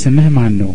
ስምህ ማን ነው